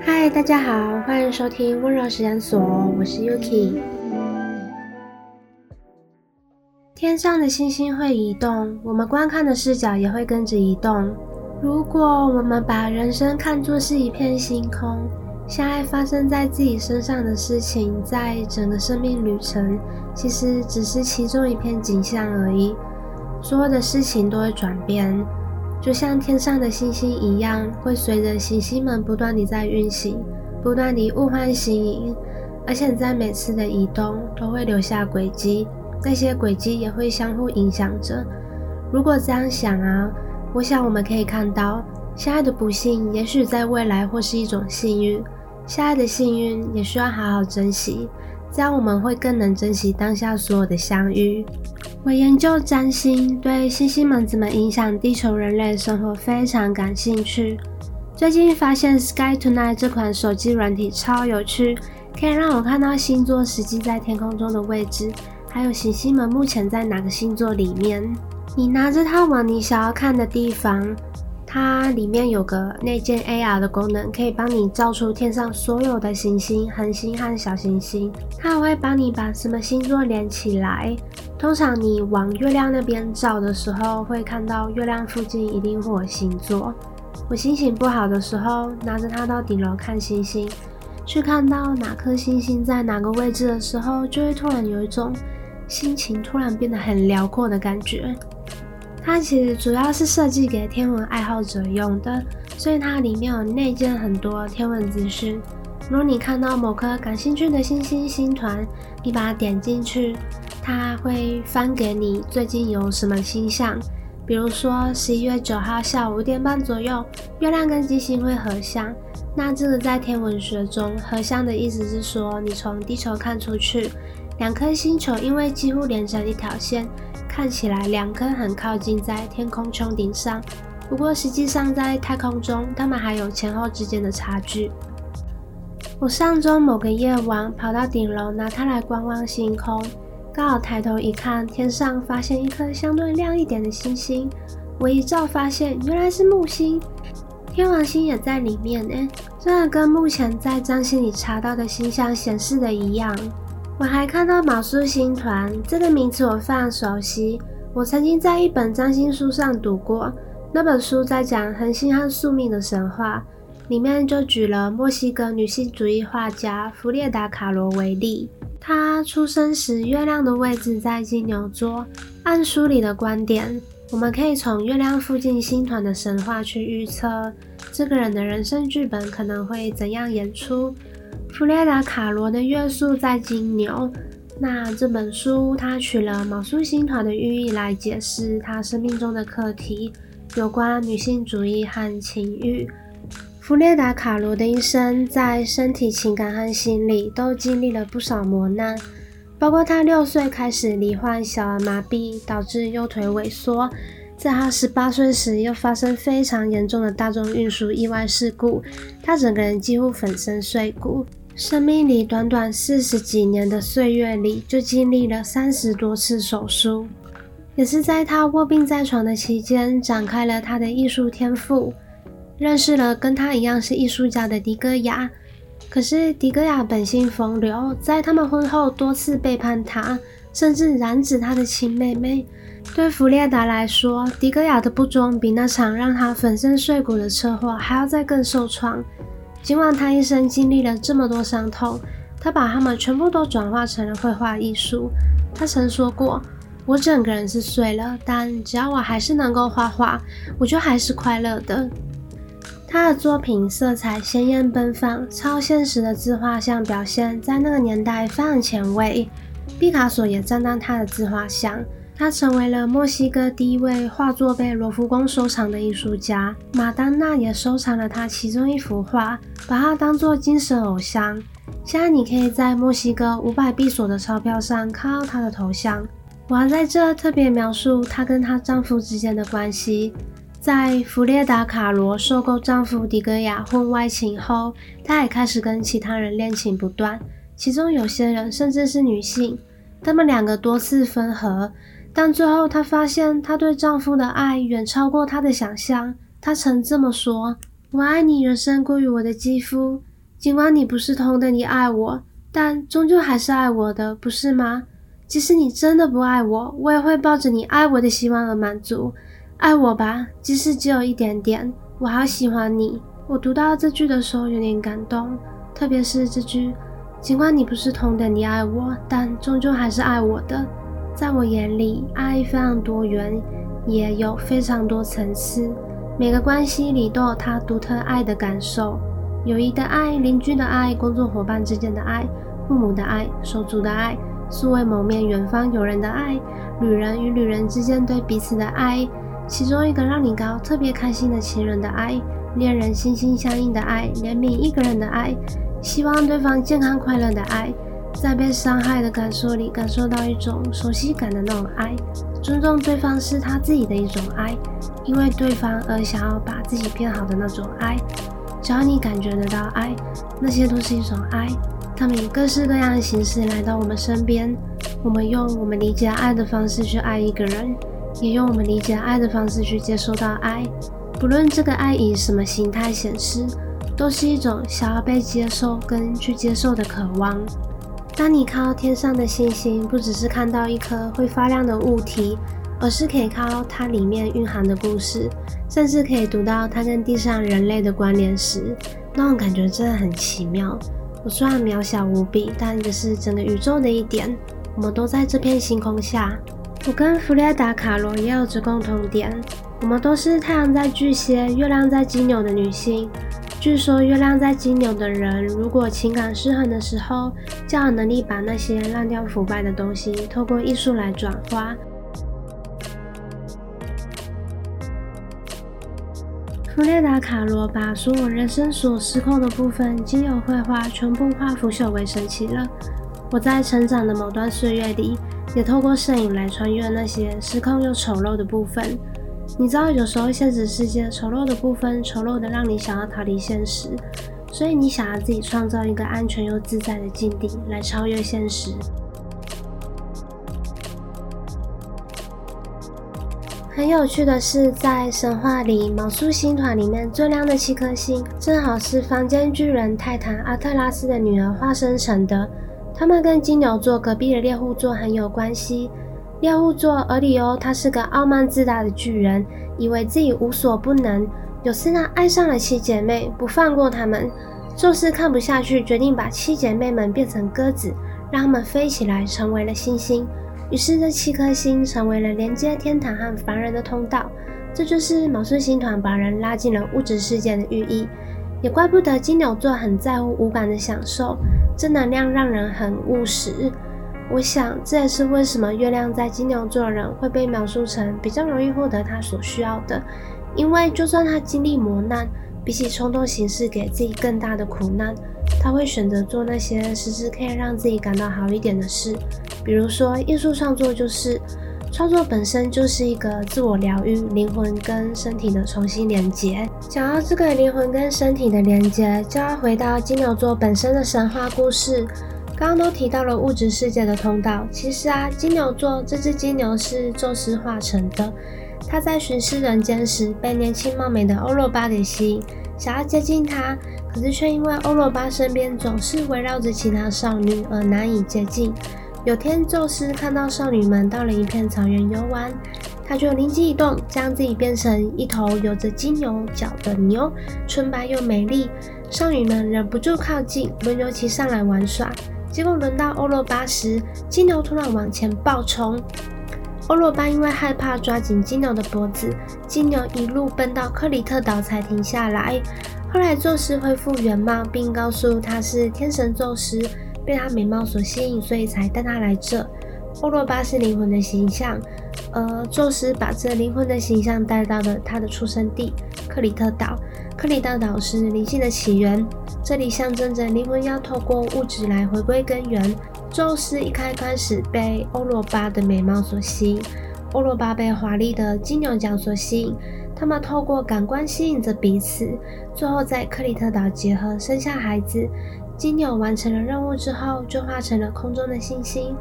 嗨，Hi, 大家好，歡迎收聽溫柔實驗所，我是 Yuki。天上的星星會移動，我們觀看的視角也會跟着移動。如果我們把人生看作是一片星空，現在發生在自己身上的事情，在整個生命旅程，其實只是其中一片景象而已。所有的事情都會轉變。就像天上的星星一樣，會隨着行星們不斷地在運行，不斷地物換星移，而且在每次的移動都會留下軌跡，那些軌跡也會相互影響着。如果這樣想啊，我想我們可以看到，相愛的不幸也許在未來或是一種幸運，相愛的幸運也需要好好珍惜，這樣我們會更能珍惜當下所有的相遇。我研究占星，對星星們怎麼影響地球人類生活非常感興趣。最近發現 Sky Tonight 這款手機軟體超有趣，可以讓我看到星座實際在天空中的位置，還有星星們目前在哪個星座裡面。你拿着它往你想要看的地方。它裡面有個內建 AR 的功能，可以幫你照出天上所有的行星、恆星和小行星。它還會幫你把什麼星座連起來。通常你往月亮那邊照的時候，會看到月亮附近一定會有星座。我心情不好的時候，拿着它到頂樓看星星，去看到哪顆星星在哪個位置的時候，就會突然有一種心情突然變得很遼闊的感覺。它其實主要是設計給天文愛好者用的，所以它裡面有內建很多天文資訊。如果你看到某顆感興趣的星星、星團，你把它點進去，它會翻給你最近有什麼星象。比如說十一月九號下午五點半左右，月亮跟金星會合相。那這個在天文學中，合相的意思是說，你從地球看出去，兩顆星球因為幾乎連成一條線。看起來兩顆很靠近在天空穹頂上，不過實際上在太空中它們還有前後之間的差距。我上周某個夜晚跑到頂樓拿它來觀望星空，剛好抬頭一看天上發現一顆相對亮一點的星星，我一照發現原來是木星，天王星也在裡面，欸，真的跟目前在占星裡查到的星象顯示的一樣。我還看到“昴宿星團”這個名詞，我非常熟悉。我曾經在一本占星書上讀過，那本書在講恆星和宿命的神話，裡面就舉了墨西哥女性主義畫家芙烈達卡蘿為例。她出生時月亮的位置在金牛座。按書裡的觀點，我們可以從月亮附近星團的神話去預測。這個人的人生劇本可能會怎樣演出？芙烈達卡蘿的月宿在金牛。那這本書，它取了昴宿星團的寓意來解釋他生命中的課題，有關女性主義和情欲。芙烈達卡蘿的一生在身體、情感和心理都經歷了不少磨難，包括他六歲開始罹患小兒麻痹，導致右腿萎縮。在他十八歲時，又發生非常嚴重的大眾運輸意外事故，他整個人幾乎粉身碎骨。生命裡短短四十幾年的歲月裡，就經歷了三十多次手術，也是在他臥病在床的期間，展開了他的藝術天賦，認識了跟他一樣是藝術家的迪哥雅。可是迪哥雅本性風流，在他們婚後多次背叛他。甚至染指他的親妹妹。對芙烈達來說，迪格雅的不忠比那場讓他粉身碎骨的車禍還要再更受創。儘管他一生經歷了這麼多傷痛，他把他們全部都轉化成了繪畫藝術。他曾說過：“我整個人是碎了，但只要我還是能夠畫畫，我就還是快樂的。”他的作品色彩鮮艷奔放，超現實的自畫像表現在那個年代非常前衛。畢卡索也讚嘆他的自畫像，他成為了墨西哥第一位畫作被羅浮宮收藏的藝術家。瑪丹娜也收藏了他其中一幅畫，把他當做精神偶像。現在你可以在墨西哥五百比索的鈔票上看到他的頭像。我要在這兒特別描述他跟他丈夫之間的關係。在芙烈達·卡蘿受夠丈夫迪格亞婚外情後，他也開始跟其他人戀情不斷，其中有些人甚至是女性。他們兩個多次分合，但最後她發現，她對丈夫的愛遠超過她的想象。她曾這麼說：“我愛你遠勝過於我的肌膚，儘管你不是同等地，你愛我，但終究還是愛我的，不是嗎？即使你真的不愛我，我也會抱着你愛我的希望而滿足，愛我吧，即使只有一點點。我好喜歡你。”我讀到這句的時候有點感動，特別是這句。儘管你不是同等地愛我，但終究還是愛我的。在我眼裡，愛非常多元，也有非常多層次。每個關係裡都有他獨特愛的感受，友誼的愛、鄰居的愛、工作夥伴之間的愛、父母的愛、手足的愛、素未謀面遠方友人的愛、女人與女人之間對彼此的愛、其中一個讓你高特別開心的情人的愛、戀人心心相印的愛、憐憫一個人的愛。希望對方健康快樂的愛，在被傷害的感受裡感受到一種熟悉感的那種愛，尊重對方是他自己的一種愛，因為對方而想要把自己變好的那種愛。只要你感覺得到愛，那些都是一種愛。他們以各式各樣的形式來到我們身邊，我們用我們理解愛的方式去愛一個人，也用我們理解愛的方式去接受到愛，不論這個愛以什麼形態顯示。都是一種想要被接受跟去接受的渴望。當你看到天上的星星，不只是看到一顆會發亮的物體，而是可以靠它裡面蘊含的故事，甚至可以讀到它跟地上人類的關聯時，那種感覺真的很奇妙。我雖然渺小無比，但也是整個宇宙的一點。我們都在這片星空下。我跟芙烈達·卡蘿也有着共同點，我們都是太陽在巨蟹、月亮在金牛的女性。據說，月亮在金牛的人，如果情感失衡的時候，較有能力把那些爛掉、腐敗的東西，透過藝術來轉化。芙烈達卡蘿把所有人生所失控的部分，既有繪畫全部化腐朽為神奇了。我在成長的某段歲月裡，也透過攝影來穿越那些失控又醜陋的部分。你知道，有時候現實世界醜陋的部分，醜陋的讓你想要逃離現實，所以你想要自己創造一個安全又自在的境地來超越現實。很有趣的是，在神話裡，昴宿星團裡面最亮的七顆星，正好是房間巨人泰坦阿特拉斯的女兒化身成的。他們跟金牛座隔壁的獵戶座很有關係。獵戶座，俄里歐，他是個傲慢自大的巨人，以為自己無所不能。有次他愛上了七姐妹，不放過她們。宙斯看不下去，決定把七姐妹們變成鴿子，讓她們飛起來，成為了星星。於是這七顆星成為了連接天堂和凡人的通道。這就是昴宿星團把人拉進了物質世界的寓意。也怪不得金牛座很在乎五感的享受，正能量讓人很務實。我想，這也是為什麼月亮在金牛座的人會被描述成比較容易獲得他所需要的。因為就算他經歷磨難，比起衝動行事給自己更大的苦難，他會選擇做那些實質可以讓自己感到好一點的事。比如說，藝術創作就是，創作本身就是一個自我療癒，靈魂跟身體的重新連接。想要這個靈魂跟身體的連接，就要回到金牛座本身的神話故事。剛剛都提到了物質世界的通道，其實啊，金牛座這隻金牛是宙斯化成的。他在巡視人間時，被年輕貌美的歐羅巴給吸引，想要接近他。可是卻因為歐羅巴身邊總是圍繞着其他少女而難以接近。有天，宙斯看到少女們到了一片草原遊玩，他就靈機一動，將自己變成一頭有着金牛角的牛，純白又美麗，少女們忍不住靠近，輪流騎上來玩耍。結果輪到歐羅巴時，金牛突然往前暴衝。歐羅巴因為害怕，抓緊金牛的脖子。金牛一路奔到克里特島才停下來。後來宙斯恢復原貌，並告訴他是天神宙斯，被他美貌所吸引，所以才帶他來這。歐羅巴是靈魂的形象。呃，宙斯把這靈魂的形象帶到了他的出生地克里特島。克里特島是靈性的起源，這裡象徵着靈魂要透過物質來回歸根源。宙斯一開始被歐羅巴的美貌所吸引，歐羅巴被華麗的金牛角所吸引，他們透過感官吸引着彼此，最後在克里特島結合生下孩子。金牛完成了任務之後，就化成了空中的星星。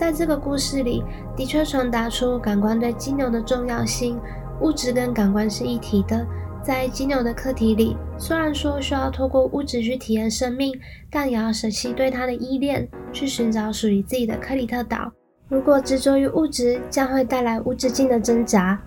在這個故事裡，的確傳達出感官對金牛的重要性。物質跟感官是一體的。在金牛的課題裡，雖然說需要透過物質去體驗生命，但也要捨棄對它的依戀，去尋找屬於自己的克里特島。如果執着於物質，將會帶來物質性的掙扎。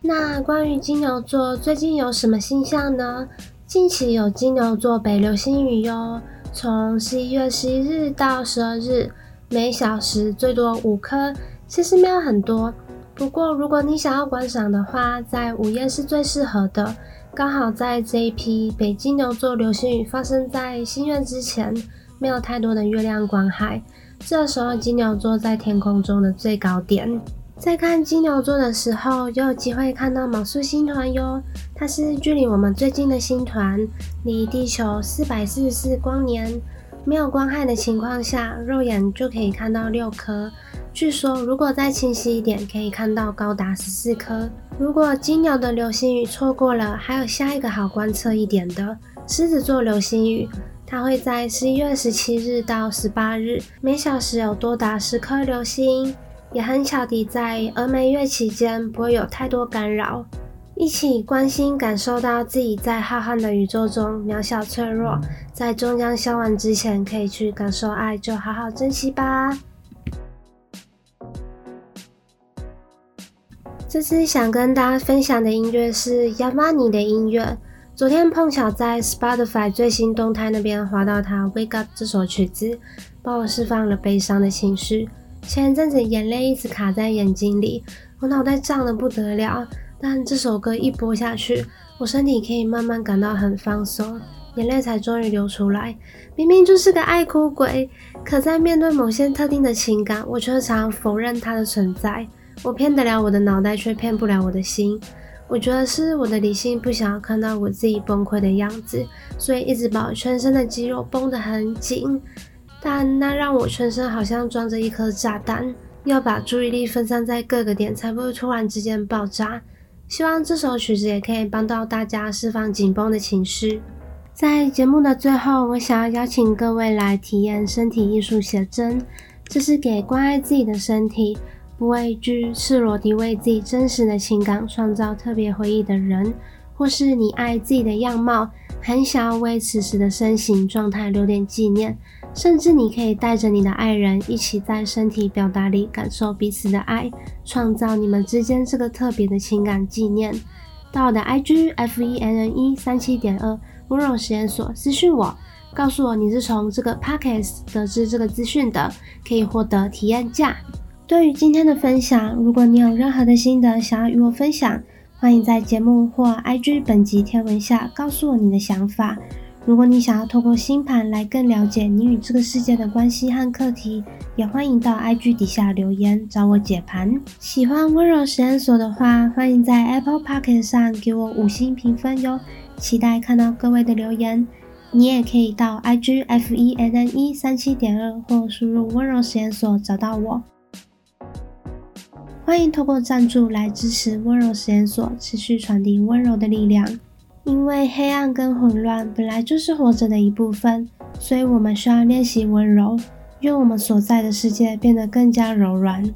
那關於金牛座最近有什麼星象呢？近期有金牛座北流星雨喲。從十一月十一日到十二日，每小時最多五顆，其實沒有很多。不過如果你想要觀賞的話，在午夜是最適合的。剛好在這一批北金牛座流星雨發生在新月之前，沒有太多的月亮光害。這時候金牛座在天空中的最高點，在看金牛座的時候，就有機會看到昴宿星團喲。它是距離我們最近的星團，離地球四百四十四光年。沒有光害的情況下，肉眼就可以看到六顆。據說如果再清晰一點，可以看到高達十四顆。如果金牛的流星雨錯過了，還有下一個好觀測一點的獅子座流星雨，它會在十一月十七日到十八日，每小時有多達十顆流星。也很巧地在峨眉月期間，不會有太多干擾。一起關心，感受到自己在浩瀚的宇宙中渺小脆弱，在終將消亡之前，可以去感受愛，就好好珍惜吧。這次想跟大家分享的音樂是 Yavani 的音樂。昨天碰巧在 Spotify 最新動態那邊滑到他《Wake Up》這首曲子，幫我釋放了悲傷的情緒。前一陣子眼淚一直卡在眼睛裡，我腦袋脹得不得了。但這首歌一播下去，我身體可以慢慢感到很放鬆，眼淚才終於流出來。明明就是個愛哭鬼，可在面對某些特定的情感，我卻常否認它的存在。我騙得了我的腦袋，卻騙不了我的心。我覺得是我的理性不想要看到我自己崩潰的樣子，所以一直把我全身的肌肉繃得很緊。但那讓我全身好像裝着一顆炸彈，要把注意力分散在各個點，才不會突然之間爆炸。希望這首曲子也可以幫到大家釋放緊繃的情緒。在節目的最後，我想要邀請各位來體驗身體藝術寫真，這是給關愛自己的身體、不畏懼、赤裸的為自己真實的情感創造特別回憶的人。或是你愛自己的樣貌，很想要為此時的身形狀態留點紀念，甚至你可以帶着你的愛人一起在身體表達裡感受彼此的愛，創造你們之間這個特別的情感紀念。到我的 IG F E M M E 三七點二溫柔實驗所私訊我，告訴我你是從這個 Podcast 得知這個資訊的，可以獲得體驗價。對於今天的分享，如果你有任何的心得想要與我分享。歡迎在節目或 IG 本集貼文下告訴我你的想法。如果你想要透過星盤來更了解你與這個世界的關係和課題，也歡迎到 IG 底下留言找我解盤。喜歡溫柔實驗所的話，歡迎在 Apple Pocket 上給我五星評分喲！期待看到各位的留言。你也可以到 IG Femme 37.2或輸入溫柔實驗所找到我。歡迎透過贊助來支持溫柔實驗所，持續傳遞溫柔的力量。因為黑暗跟混亂本來就是活着的一部分，所以我們需要練習溫柔，讓我們所在的世界變得更加柔軟。